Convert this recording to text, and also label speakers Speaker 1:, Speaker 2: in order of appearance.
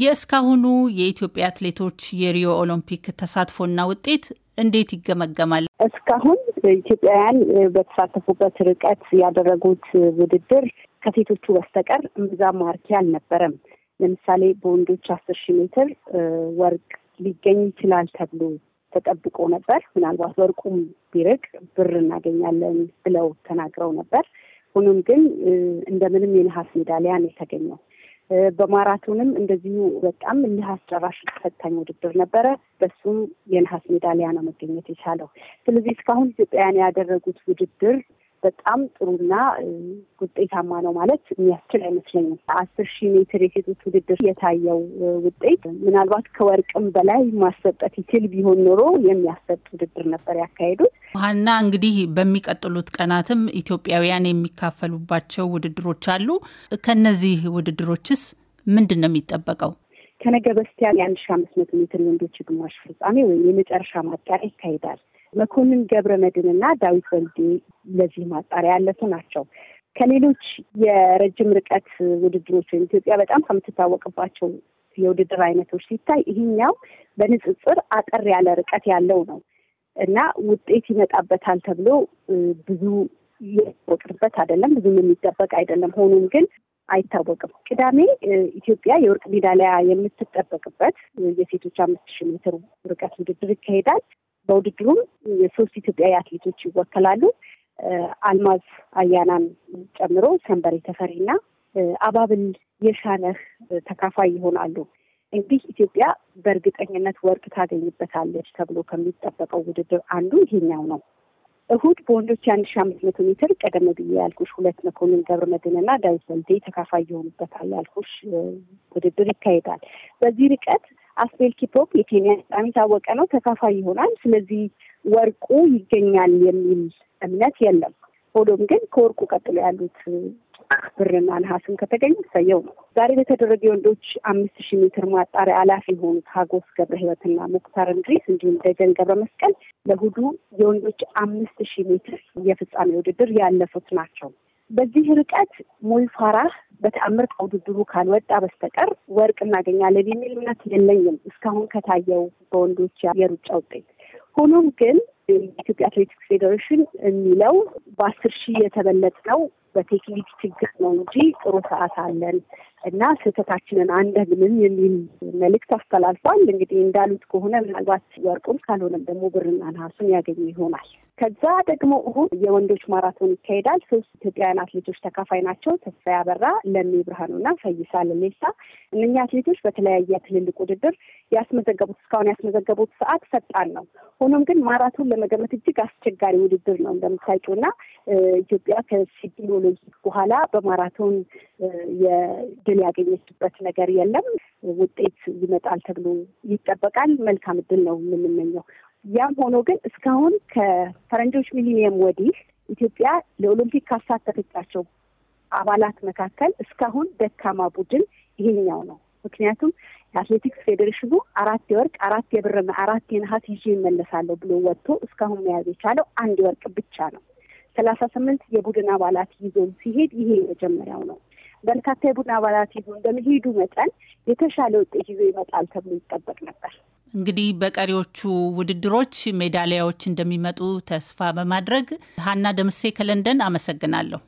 Speaker 1: የእስካሁኑ የኢትዮጵያ አትሌቶች የሪዮ ኦሎምፒክ ተሳትፎና ውጤት እንዴት ይገመገማል?
Speaker 2: እስካሁን ኢትዮጵያውያን በተሳተፉበት ርቀት ያደረጉት ውድድር ከሴቶቹ በስተቀር እምብዛም ማርኪ አልነበረም። ለምሳሌ በወንዶች አስር ሺህ ሜትር ወርቅ ሊገኝ ይችላል ተብሎ ተጠብቆ ነበር። ምናልባት ወርቁም ቢርቅ ብር እናገኛለን ብለው ተናግረው ነበር። ሆኖም ግን እንደምንም የነሐስ ሜዳሊያ ነው የተገኘው። በማራቶንም እንደዚሁ በጣም እልህ አስጨራሽ ፈታኝ ውድድር ነበረ። በሱም የነሐስ ሜዳሊያ ነው መገኘት የቻለው። ስለዚህ እስካሁን ኢትዮጵያውያን ያደረጉት ውድድር በጣም ጥሩና ውጤታማ ነው ማለት የሚያስችል አይመስለኝም። አስር ሺህ ሜትር የሴቶች ውድድር የታየው ውጤት ምናልባት ከወርቅም በላይ ማሰጠት ይችል ቢሆን ኖሮ የሚያሰጥ ውድድር
Speaker 1: ነበር ያካሄዱት። ውሀና እንግዲህ በሚቀጥሉት ቀናትም ኢትዮጵያውያን የሚካፈሉባቸው ውድድሮች አሉ። ከነዚህ ውድድሮችስ ምንድን ነው የሚጠበቀው?
Speaker 2: ከነገ በስቲያ የአንድ ሺህ አምስት መቶ ሜትር የወንዶች ግማሽ ፍጻሜ ወይም የመጨረሻ ማጣሪያ ይካሄዳል። መኮንን ገብረ መድን እና ዳዊት ወልዴ ለዚህ ማጣሪያ ያለፉ ናቸው። ከሌሎች የረጅም ርቀት ውድድሮች ወይም ኢትዮጵያ በጣም ከምትታወቅባቸው የውድድር አይነቶች ሲታይ ይህኛው በንጽጽር አጠር ያለ ርቀት ያለው ነው እና ውጤት ይመጣበታል ተብሎ ብዙ የሚወቅርበት አይደለም፣ ብዙም የሚጠበቅ አይደለም። ሆኖም ግን አይታወቅም። ቅዳሜ ኢትዮጵያ የወርቅ ሜዳሊያ የምትጠበቅበት የሴቶች አምስት ሺህ ሜትር ርቀት ውድድር ይካሄዳል። በውድድሩም የሶስት ኢትዮጵያዊ አትሌቶች ይወከላሉ። አልማዝ አያናን ጨምሮ ሰንበሬ ተፈሪና አባብል የሻነህ ተካፋይ ይሆናሉ። እንግዲህ ኢትዮጵያ በእርግጠኝነት ወርቅ ታገኝበታለች ተብሎ ከሚጠበቀው ውድድር አንዱ ይሄኛው ነው። እሁድ በወንዶች የአንድ ሺ አምስት መቶ ሜትር ቀደም ብዬ ያልኩሽ ሁለት መኮንን ገብረ መድህንና ዳዊት ወልዴ ተካፋይ የሆኑበታል ያልኩሽ ውድድር ይካሄዳል። በዚህ ርቀት አስቤል ኪፕሮፕ የኬንያ በጣም የታወቀ ነው፣ ተካፋይ ይሆናል፣ ስለዚህ ወርቁ ይገኛል የሚል እምነት የለም። ሆኖም ግን ከወርቁ ቀጥሎ ያሉት ብርና ነሐስም ከተገኙ ሰየው ነው። ዛሬ በተደረገ የወንዶች አምስት ሺህ ሜትር ማጣሪያ አላፊ የሆኑት ሀጎስ ገብረ ህይወትና ሙክታር እንድሪስ እንዲሁም ደጀን ገብረ መስቀል ለሁዱ የወንዶች አምስት ሺህ ሜትር የፍጻሜ ውድድር ያለፉት ናቸው። በዚህ ርቀት ሙይ ፋራህ በተአምር ከውድድሩ ካልወጣ በስተቀር ወርቅ እናገኛለን የሚል እምነት የለኝም እስካሁን ከታየው በወንዶች የሩጫ ውጤት። ሆኖም ግን የኢትዮጵያ አትሌቲክስ ፌዴሬሽን የሚለው በአስር ሺህ ነው በቴክኒክ ችግር ነው እንጂ ጥሩ ሰዓት አለን እና ስህተታችንን አንደግምም የሚል መልእክት አስተላልፏል። እንግዲህ እንዳሉት ከሆነ ምናልባት ወርቁም ካልሆነም ደግሞ ብርና ነሐሱን ያገኙ ይሆናል። ከዛ ደግሞ እሁድ የወንዶች ማራቶን ይካሄዳል። ሶስት ኢትዮጵያውያን አትሌቶች ተካፋይ ናቸው። ተስፋ ያበራ፣ ለሚ ብርሃኑና ፈይሳ ለሌሳ። እነኛ አትሌቶች በተለያየ ትልልቅ ውድድር ያስመዘገቡት እስካሁን ያስመዘገቡት ሰዓት ፈጣን ነው። ሆኖም ግን ማራቶን ለመገመት እጅግ አስቸጋሪ ውድድር ነው እንደምታውቂው እና ኢትዮጵያ ከሲድኒ ኦሎምፒክ በኋላ በማራቶን የድል ያገኘችበት ነገር የለም። ውጤት ይመጣል ተብሎ ይጠበቃል። መልካም እድል ነው የምንመኘው። ያም ሆኖ ግን እስካሁን ከፈረንጆች ሚሊኒየም ወዲህ ኢትዮጵያ ለኦሎምፒክ ካሳተፈቻቸው አባላት መካከል እስካሁን ደካማ ቡድን ይሄኛው ነው። ምክንያቱም የአትሌቲክስ ፌዴሬሽኑ አራት የወርቅ፣ አራት የብርና አራት የነሐስ ይዤ ይመለሳለሁ ብሎ ወጥቶ እስካሁን መያዝ የቻለው አንድ ወርቅ ብቻ ነው። ሰላሳ ስምንት የቡድን አባላት ይዞ ሲሄድ ይሄ የመጀመሪያው ነው። በርካታ የቡድን አባላት ይዞ እንደመሄዱ መጠን የተሻለ ውጤት ይዞ ይመጣል ተብሎ ይጠበቅ ነበር።
Speaker 1: እንግዲህ በቀሪዎቹ ውድድሮች ሜዳሊያዎች እንደሚመጡ ተስፋ በማድረግ ሀና ደምሴ ከለንደን አመሰግናለሁ።